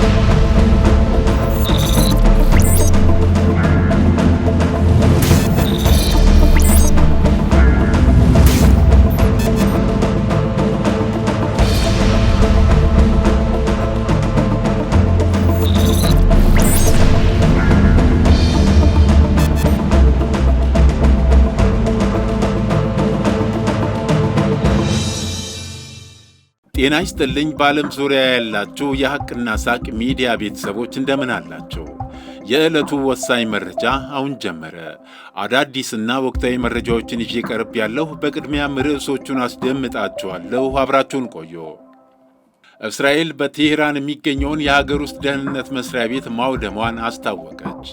Thank you. ጤና ይስጥልኝ በዓለም ዙሪያ ያላችሁ የሐቅና ሳቅ ሚዲያ ቤተሰቦች እንደምን አላችሁ? የዕለቱ ወሳኝ መረጃ አሁን ጀመረ። አዳዲስና ወቅታዊ መረጃዎችን ይዤ ቀርብ ያለሁ። በቅድሚያም ርዕሶቹን አስደምጣችኋለሁ። አብራችሁን ቆዩ። እስራኤል በቴሄራን የሚገኘውን የሀገር ውስጥ ደህንነት መስሪያ ቤት ማውደሟን አስታወቀች።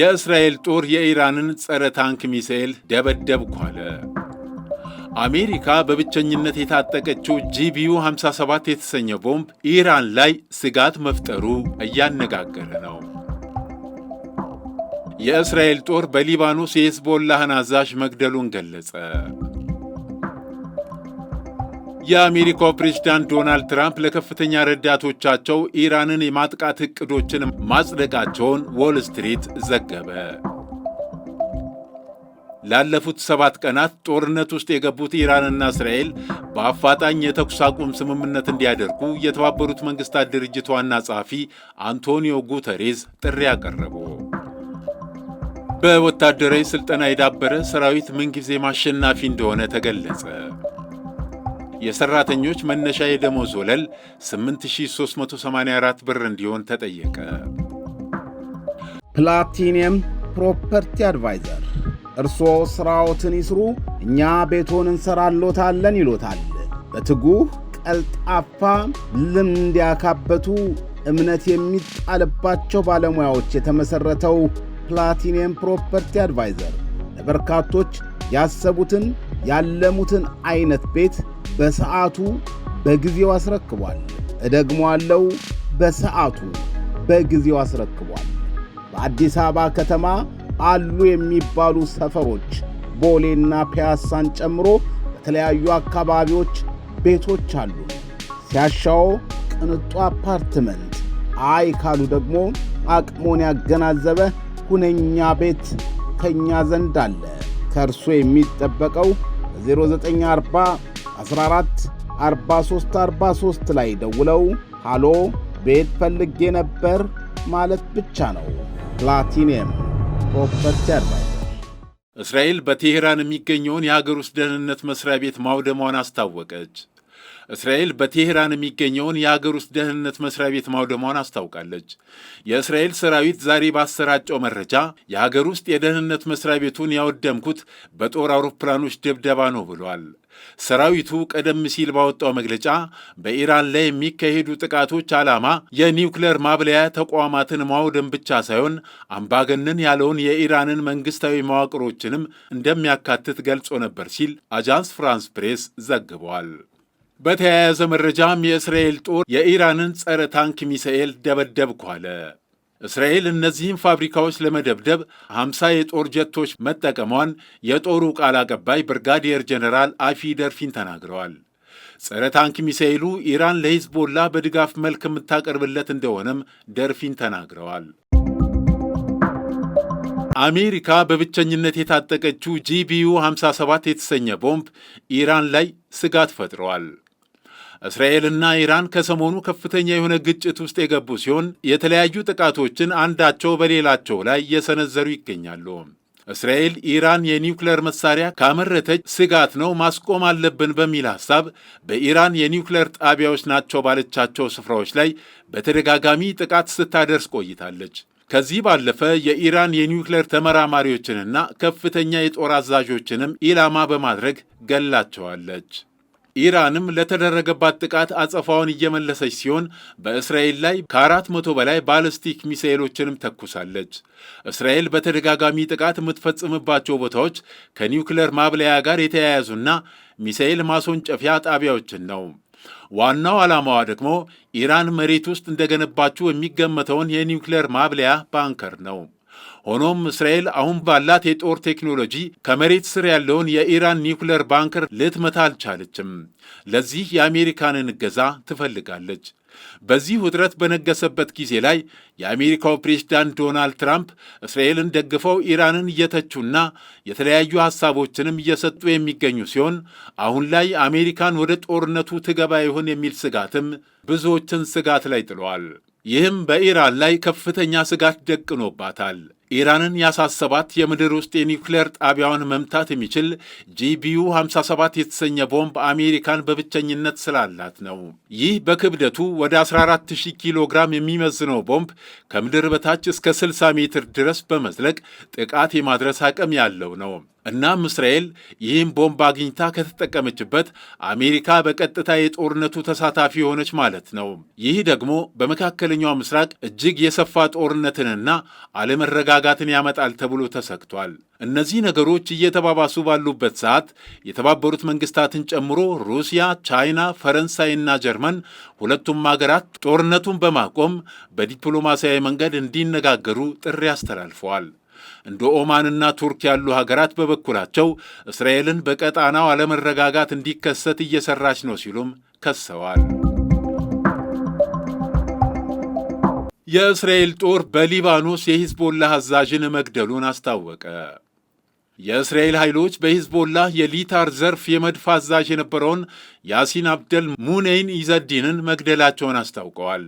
የእስራኤል ጦር የኢራንን ጸረ ታንክ ሚሳኤል ደበደብኳለ። አሜሪካ በብቸኝነት የታጠቀችው ጂቢዩ 57 የተሰኘ ቦምብ ኢራን ላይ ስጋት መፍጠሩ እያነጋገረ ነው። የእስራኤል ጦር በሊባኖስ የሂዝቦላህን አዛዥ መግደሉን ገለጸ። የአሜሪካው ፕሬዝዳንት ዶናልድ ትራምፕ ለከፍተኛ ረዳቶቻቸው ኢራንን የማጥቃት ዕቅዶችን ማጽደቃቸውን ዎል ስትሪት ዘገበ። ላለፉት ሰባት ቀናት ጦርነት ውስጥ የገቡት ኢራንና እስራኤል በአፋጣኝ የተኩስ አቁም ስምምነት እንዲያደርጉ የተባበሩት መንግስታት ድርጅት ዋና ጸሐፊ አንቶኒዮ ጉተሬዝ ጥሪ አቀረቡ። በወታደራዊ ስልጠና የዳበረ ሰራዊት ምንጊዜ ማሸናፊ እንደሆነ ተገለጸ። የሰራተኞች መነሻ የደሞዝ ወለል 8384 ብር እንዲሆን ተጠየቀ። ፕላቲኒየም ፕሮፐርቲ አድቫይዘር እርሶ ሥራዎትን ይስሩ፣ እኛ ቤቶን እንሰራሎታለን ይሎታል። በትጉህ ቀልጣፋ፣ ልምድ ያካበቱ፣ እምነት የሚጣልባቸው ባለሙያዎች የተመሠረተው ፕላቲኒየም ፕሮፐርቲ አድቫይዘር ለበርካቶች ያሰቡትን ያለሙትን አይነት ቤት በሰዓቱ በጊዜው አስረክቧል። እደግሞ በሰዓቱ በጊዜው አስረክቧል። በአዲስ አበባ ከተማ አሉ የሚባሉ ሰፈሮች ቦሌና ፒያሳን ጨምሮ በተለያዩ አካባቢዎች ቤቶች አሉ። ሲያሻው ቅንጡ አፓርትመንት፣ አይ ካሉ ደግሞ አቅሞን ያገናዘበ ሁነኛ ቤት ከኛ ዘንድ አለ። ከእርሶ የሚጠበቀው በ0940 14 43 43 ላይ ደውለው ሃሎ ቤት ፈልጌ ነበር ማለት ብቻ ነው። ፕላቲኒየም ሮበርት ጃርቫይዘር እስራኤል በቴሄራን የሚገኘውን የሀገር ውስጥ ደህንነት መስሪያ ቤት ማውደሟን አስታወቀች። እስራኤል በቴሄራን የሚገኘውን የሀገር ውስጥ ደህንነት መስሪያ ቤት ማውደሟን አስታውቃለች። የእስራኤል ሰራዊት ዛሬ ባሰራጨው መረጃ የሀገር ውስጥ የደህንነት መስሪያ ቤቱን ያወደምኩት በጦር አውሮፕላኖች ድብደባ ነው ብሏል። ሰራዊቱ ቀደም ሲል ባወጣው መግለጫ በኢራን ላይ የሚካሄዱ ጥቃቶች ዓላማ የኒውክሌር ማብለያ ተቋማትን ማውደም ብቻ ሳይሆን አምባገነን ያለውን የኢራንን መንግስታዊ መዋቅሮችንም እንደሚያካትት ገልጾ ነበር ሲል አጃንስ ፍራንስ ፕሬስ ዘግቧል። በተያያዘ መረጃም የእስራኤል ጦር የኢራንን ጸረ ታንክ ሚሳኤል ደበደብኳለ። እስራኤል እነዚህን ፋብሪካዎች ለመደብደብ 50 የጦር ጀቶች መጠቀሟን የጦሩ ቃል አቀባይ ብርጋዲየር ጀነራል አፊ ደርፊን ተናግረዋል። ጸረ ታንክ ሚሳኤሉ ኢራን ለሂዝቦላ በድጋፍ መልክ የምታቀርብለት እንደሆነም ደርፊን ተናግረዋል። አሜሪካ በብቸኝነት የታጠቀችው ጂቢዩ 57 የተሰኘ ቦምብ ኢራን ላይ ስጋት ፈጥረዋል። እስራኤልና ኢራን ከሰሞኑ ከፍተኛ የሆነ ግጭት ውስጥ የገቡ ሲሆን የተለያዩ ጥቃቶችን አንዳቸው በሌላቸው ላይ እየሰነዘሩ ይገኛሉ። እስራኤል ኢራን የኒውክሌር መሳሪያ ካመረተች ስጋት ነው ማስቆም አለብን በሚል ሐሳብ በኢራን የኒውክሌር ጣቢያዎች ናቸው ባለቻቸው ስፍራዎች ላይ በተደጋጋሚ ጥቃት ስታደርስ ቆይታለች። ከዚህ ባለፈ የኢራን የኒውክሌር ተመራማሪዎችንና ከፍተኛ የጦር አዛዦችንም ኢላማ በማድረግ ገላቸዋለች። ኢራንም ለተደረገባት ጥቃት አጸፋውን እየመለሰች ሲሆን በእስራኤል ላይ ከአራት መቶ በላይ ባለስቲክ ሚሳኤሎችንም ተኩሳለች። እስራኤል በተደጋጋሚ ጥቃት የምትፈጽምባቸው ቦታዎች ከኒውክለር ማብለያ ጋር የተያያዙና ሚሳኤል ማስወንጨፊያ ጣቢያዎችን ነው። ዋናው ዓላማዋ ደግሞ ኢራን መሬት ውስጥ እንደገነባችው የሚገመተውን የኒውክለር ማብለያ ባንከር ነው። ሆኖም እስራኤል አሁን ባላት የጦር ቴክኖሎጂ ከመሬት ስር ያለውን የኢራን ኒውክለር ባንከር ልትመታ አልቻለችም። ለዚህ የአሜሪካንን እገዛ ትፈልጋለች። በዚህ ውጥረት በነገሰበት ጊዜ ላይ የአሜሪካው ፕሬዝዳንት ዶናልድ ትራምፕ እስራኤልን ደግፈው ኢራንን እየተቹና የተለያዩ ሐሳቦችንም እየሰጡ የሚገኙ ሲሆን አሁን ላይ አሜሪካን ወደ ጦርነቱ ትገባ ይሆን የሚል ስጋትም ብዙዎችን ስጋት ላይ ጥለዋል። ይህም በኢራን ላይ ከፍተኛ ስጋት ደቅኖባታል። ኢራንን ያሳሰባት የምድር ውስጥ የኒውክሌር ጣቢያውን መምታት የሚችል ጂቢዩ 57 የተሰኘ ቦምብ አሜሪካን በብቸኝነት ስላላት ነው። ይህ በክብደቱ ወደ 140 ኪሎ ግራም የሚመዝነው ቦምብ ከምድር በታች እስከ 60 ሜትር ድረስ በመዝለቅ ጥቃት የማድረስ አቅም ያለው ነው። እናም እስራኤል ይህም ቦምብ አግኝታ ከተጠቀመችበት አሜሪካ በቀጥታ የጦርነቱ ተሳታፊ የሆነች ማለት ነው። ይህ ደግሞ በመካከለኛው ምስራቅ እጅግ የሰፋ ጦርነትንና አለመረጋጋትን ያመጣል ተብሎ ተሰግቷል። እነዚህ ነገሮች እየተባባሱ ባሉበት ሰዓት የተባበሩት መንግስታትን ጨምሮ ሩሲያ፣ ቻይና፣ ፈረንሳይና ጀርመን ሁለቱም ሀገራት ጦርነቱን በማቆም በዲፕሎማሲያዊ መንገድ እንዲነጋገሩ ጥሪ አስተላልፈዋል። እንደ ኦማንና ቱርክ ያሉ ሀገራት በበኩላቸው እስራኤልን በቀጣናው አለመረጋጋት እንዲከሰት እየሰራች ነው ሲሉም ከሰዋል። የእስራኤል ጦር በሊባኖስ የሂዝቦላህ አዛዥን መግደሉን አስታወቀ። የእስራኤል ኃይሎች በሂዝቦላህ የሊታር ዘርፍ የመድፍ አዛዥ የነበረውን ያሲን አብደል ሙኔይን ኢዘዲንን መግደላቸውን አስታውቀዋል።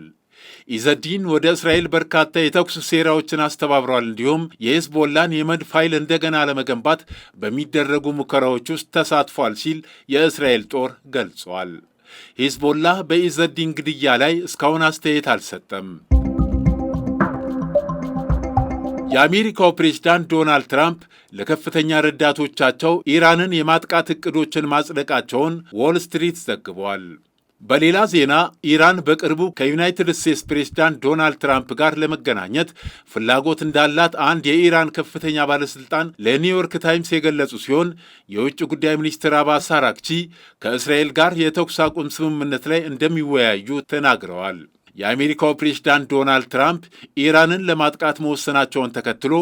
ኢዘዲን ወደ እስራኤል በርካታ የተኩስ ሴራዎችን አስተባብረዋል። እንዲሁም የሄዝቦላን የመድፍ ኃይል እንደገና ለመገንባት በሚደረጉ ሙከራዎች ውስጥ ተሳትፏል ሲል የእስራኤል ጦር ገልጿል። ሂዝቦላ በኢዘዲን ግድያ ላይ እስካሁን አስተያየት አልሰጠም። የአሜሪካው ፕሬዝዳንት ዶናልድ ትራምፕ ለከፍተኛ ረዳቶቻቸው ኢራንን የማጥቃት እቅዶችን ማጽደቃቸውን ዎል ስትሪት ዘግቧል። በሌላ ዜና ኢራን በቅርቡ ከዩናይትድ ስቴትስ ፕሬዝዳንት ዶናልድ ትራምፕ ጋር ለመገናኘት ፍላጎት እንዳላት አንድ የኢራን ከፍተኛ ባለስልጣን ለኒውዮርክ ታይምስ የገለጹ ሲሆን የውጭ ጉዳይ ሚኒስትር አባስ አራክቺ ከእስራኤል ጋር የተኩስ አቁም ስምምነት ላይ እንደሚወያዩ ተናግረዋል። የአሜሪካው ፕሬዝዳንት ዶናልድ ትራምፕ ኢራንን ለማጥቃት መወሰናቸውን ተከትሎ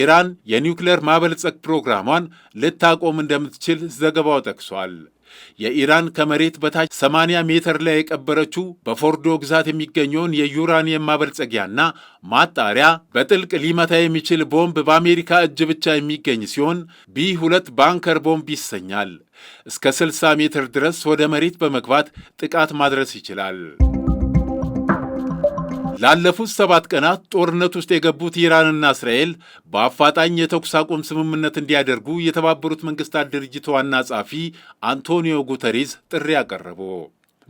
ኢራን የኒውክሌር ማበልጸግ ፕሮግራሟን ልታቆም እንደምትችል ዘገባው ጠቅሷል። የኢራን ከመሬት በታች 80 ሜትር ላይ የቀበረችው በፎርዶ ግዛት የሚገኘውን የዩራኒየም ማበልጸጊያና ማጣሪያ በጥልቅ ሊመታ የሚችል ቦምብ በአሜሪካ እጅ ብቻ የሚገኝ ሲሆን ቢ2 ባንከር ቦምብ ይሰኛል። እስከ 60 ሜትር ድረስ ወደ መሬት በመግባት ጥቃት ማድረስ ይችላል። ላለፉት ሰባት ቀናት ጦርነት ውስጥ የገቡት ኢራንና እስራኤል በአፋጣኝ የተኩስ አቁም ስምምነት እንዲያደርጉ የተባበሩት መንግስታት ድርጅት ዋና ጸሐፊ አንቶኒዮ ጉተሬዝ ጥሪ አቀረቡ።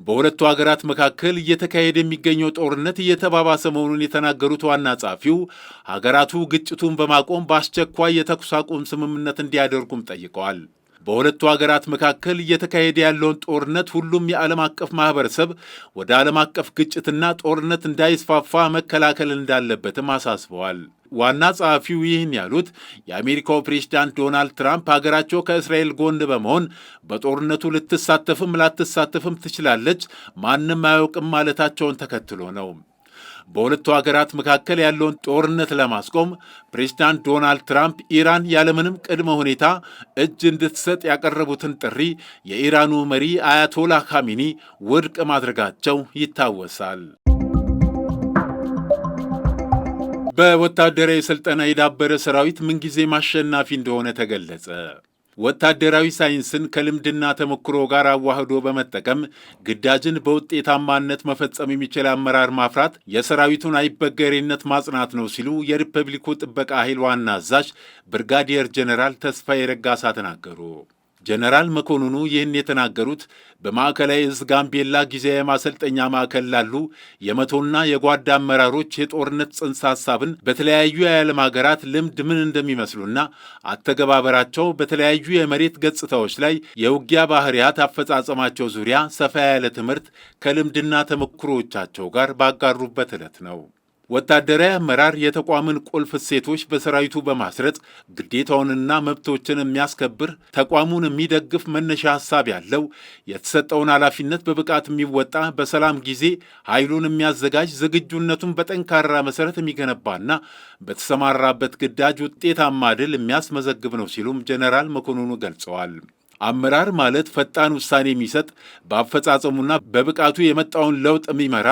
በሁለቱ ሀገራት መካከል እየተካሄደ የሚገኘው ጦርነት እየተባባሰ መሆኑን የተናገሩት ዋና ጸሐፊው ሀገራቱ ግጭቱን በማቆም በአስቸኳይ የተኩስ አቁም ስምምነት እንዲያደርጉም ጠይቀዋል። በሁለቱ ሀገራት መካከል እየተካሄደ ያለውን ጦርነት ሁሉም የዓለም አቀፍ ማህበረሰብ ወደ ዓለም አቀፍ ግጭትና ጦርነት እንዳይስፋፋ መከላከል እንዳለበትም አሳስበዋል። ዋና ጸሐፊው ይህን ያሉት የአሜሪካው ፕሬዝዳንት ዶናልድ ትራምፕ ሀገራቸው ከእስራኤል ጎን በመሆን በጦርነቱ ልትሳተፍም ላትሳተፍም ትችላለች፣ ማንም አያውቅም ማለታቸውን ተከትሎ ነው። በሁለቱ ሀገራት መካከል ያለውን ጦርነት ለማስቆም ፕሬዚዳንት ዶናልድ ትራምፕ ኢራን ያለምንም ቅድመ ሁኔታ እጅ እንድትሰጥ ያቀረቡትን ጥሪ የኢራኑ መሪ አያቶላ ካሚኒ ውድቅ ማድረጋቸው ይታወሳል። በወታደራዊ ስልጠና የዳበረ ሰራዊት ምንጊዜም አሸናፊ እንደሆነ ተገለጸ። ወታደራዊ ሳይንስን ከልምድና ተሞክሮ ጋር አዋህዶ በመጠቀም ግዳጅን በውጤታማነት መፈጸም የሚችል አመራር ማፍራት የሰራዊቱን አይበገሬነት ማጽናት ነው ሲሉ የሪፐብሊኩ ጥበቃ ኃይል ዋና አዛዥ ብርጋዲየር ጀኔራል ተስፋዬ ረጋሳ ተናገሩ። ጀነራል መኮንኑ ይህን የተናገሩት በማዕከላዊ እዝ ጋምቤላ ጊዜያዊ ማሰልጠኛ ማዕከል ላሉ የመቶና የጓዳ አመራሮች የጦርነት ጽንሰ ሐሳብን በተለያዩ የዓለም ሀገራት ልምድ ምን እንደሚመስሉና አተገባበራቸው በተለያዩ የመሬት ገጽታዎች ላይ የውጊያ ባህሪያት አፈጻጸማቸው ዙሪያ ሰፋ ያለ ትምህርት ከልምድና ተሞክሮዎቻቸው ጋር ባጋሩበት ዕለት ነው። ወታደራዊ አመራር የተቋምን ቁልፍ እሴቶች በሰራዊቱ በማስረጽ ግዴታውንና መብቶችን የሚያስከብር ተቋሙን የሚደግፍ መነሻ ሀሳብ ያለው የተሰጠውን ኃላፊነት በብቃት የሚወጣ በሰላም ጊዜ ኃይሉን የሚያዘጋጅ ዝግጁነቱን በጠንካራ መሰረት የሚገነባና በተሰማራበት ግዳጅ ውጤታማ ድል የሚያስመዘግብ ነው ሲሉም ጀነራል መኮንኑ ገልጸዋል። አመራር ማለት ፈጣን ውሳኔ የሚሰጥ በአፈጻጸሙና በብቃቱ የመጣውን ለውጥ የሚመራ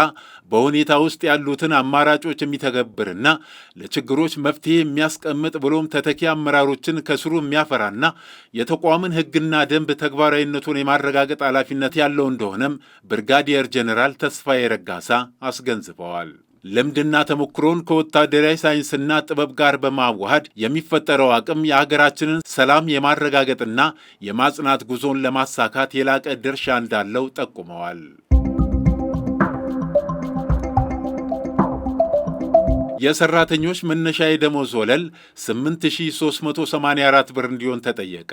በሁኔታ ውስጥ ያሉትን አማራጮች የሚተገብርና ለችግሮች መፍትሄ የሚያስቀምጥ ብሎም ተተኪ አመራሮችን ከስሩ የሚያፈራና የተቋምን ሕግና ደንብ ተግባራዊነቱን የማረጋገጥ ኃላፊነት ያለው እንደሆነም ብርጋዲየር ጀኔራል ተስፋዬ ረጋሳ አስገንዝበዋል። ልምድና ተሞክሮን ከወታደራዊ ሳይንስና ጥበብ ጋር በማዋሃድ የሚፈጠረው አቅም የሀገራችንን ሰላም የማረጋገጥና የማጽናት ጉዞን ለማሳካት የላቀ ድርሻ እንዳለው ጠቁመዋል። የሰራተኞች መነሻ የደሞዝ ወለል 8384 ብር እንዲሆን ተጠየቀ።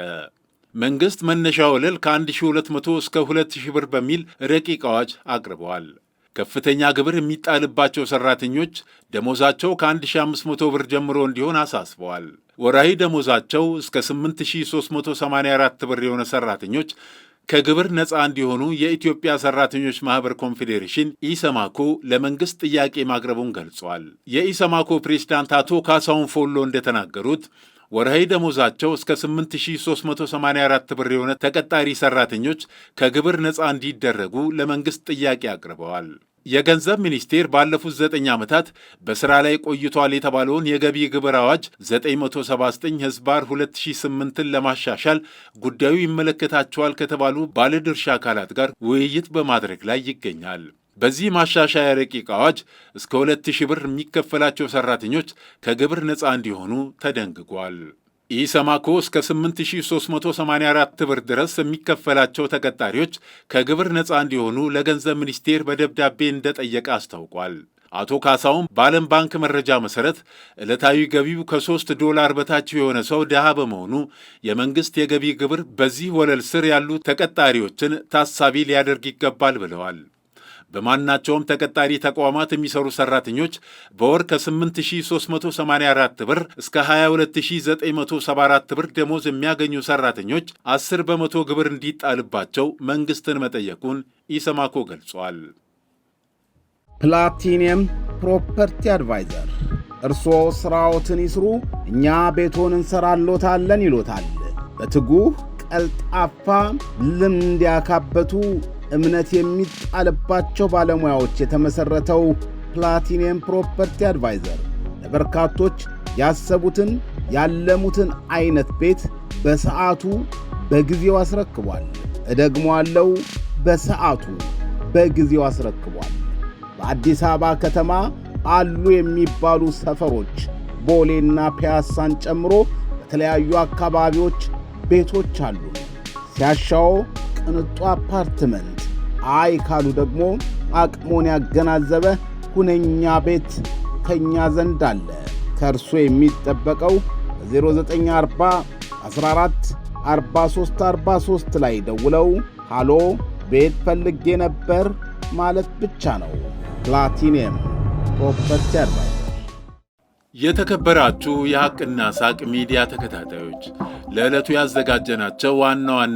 መንግሥት መነሻ ወለል ከ1200 እስከ 2000 ብር በሚል ረቂቅ አዋጅ አቅርበዋል። ከፍተኛ ግብር የሚጣልባቸው ሰራተኞች ደሞዛቸው ከ1500 ብር ጀምሮ እንዲሆን አሳስበዋል። ወራዊ ደሞዛቸው እስከ 8384 ብር የሆነ ሰራተኞች ከግብር ነፃ እንዲሆኑ የኢትዮጵያ ሰራተኞች ማኅበር ኮንፌዴሬሽን ኢሰማኮ ለመንግሥት ጥያቄ ማቅረቡን ገልጿል። የኢሰማኮ ፕሬዝዳንት አቶ ካሳሁን ፎሎ እንደተናገሩት ወርሃዊ ደሞዛቸው እስከ 8384 ብር የሆነ ተቀጣሪ ሰራተኞች ከግብር ነፃ እንዲደረጉ ለመንግሥት ጥያቄ አቅርበዋል። የገንዘብ ሚኒስቴር ባለፉት ዘጠኝ ዓመታት በሥራ ላይ ቆይቷል የተባለውን የገቢ ግብር አዋጅ 979 ህዝባር 2008ን ለማሻሻል ጉዳዩ ይመለከታቸዋል ከተባሉ ባለድርሻ አካላት ጋር ውይይት በማድረግ ላይ ይገኛል። በዚህ ማሻሻያ ረቂቅ አዋጅ እስከ ሁለት ብር የሚከፈላቸው ሰራተኞች ከግብር ነፃ እንዲሆኑ ተደንግጓል። ኢሰማኮ እስከ 8384 ብር ድረስ የሚከፈላቸው ተቀጣሪዎች ከግብር ነፃ እንዲሆኑ ለገንዘብ ሚኒስቴር በደብዳቤ እንደጠየቀ አስታውቋል። አቶ ካሳውም በዓለም ባንክ መረጃ መሠረት ዕለታዊ ገቢው ከ3 ዶላር በታች የሆነ ሰው ድሃ በመሆኑ የመንግሥት የገቢ ግብር በዚህ ወለል ስር ያሉ ተቀጣሪዎችን ታሳቢ ሊያደርግ ይገባል ብለዋል። በማናቸውም ተቀጣሪ ተቋማት የሚሰሩ ሰራተኞች በወር ከ8384 ብር እስከ 22974 ብር ደሞዝ የሚያገኙ ሰራተኞች 10 በመቶ ግብር እንዲጣልባቸው መንግስትን መጠየቁን ኢሰማኮ ገልጿል። ፕላቲኒየም ፕሮፐርቲ አድቫይዘር እርስዎ ሥራዎትን ይስሩ፣ እኛ ቤቶን እንሰራሎታለን ይሎታል። በትጉህ ቀልጣፋ ልምድ ያካበቱ እምነት የሚጣልባቸው ባለሙያዎች የተመሠረተው ፕላቲኒየም ፕሮፐርቲ አድቫይዘር ለበርካቶች ያሰቡትን ያለሙትን አይነት ቤት በሰዓቱ በጊዜው አስረክቧል። እደግሞ አለው በሰዓቱ በጊዜው አስረክቧል። በአዲስ አበባ ከተማ አሉ የሚባሉ ሰፈሮች ቦሌና ፒያሳን ጨምሮ በተለያዩ አካባቢዎች ቤቶች አሉ። ሲያሻው ቅንጡ አፓርትመንት አይ ካሉ ደግሞ አቅሞን ያገናዘበ ሁነኛ ቤት ከኛ ዘንድ አለ። ከእርሱ የሚጠበቀው በ0940 14 ላይ ደውለው ሃሎ ቤት ፈልጌ ነበር ማለት ብቻ ነው። ፕላቲኒየም ፕሮፐርቲ አድቫይዘር። የተከበራችሁ የሐቅና ሳቅ ሚዲያ ተከታታዮች ለዕለቱ ያዘጋጀናቸው ዋና ዋና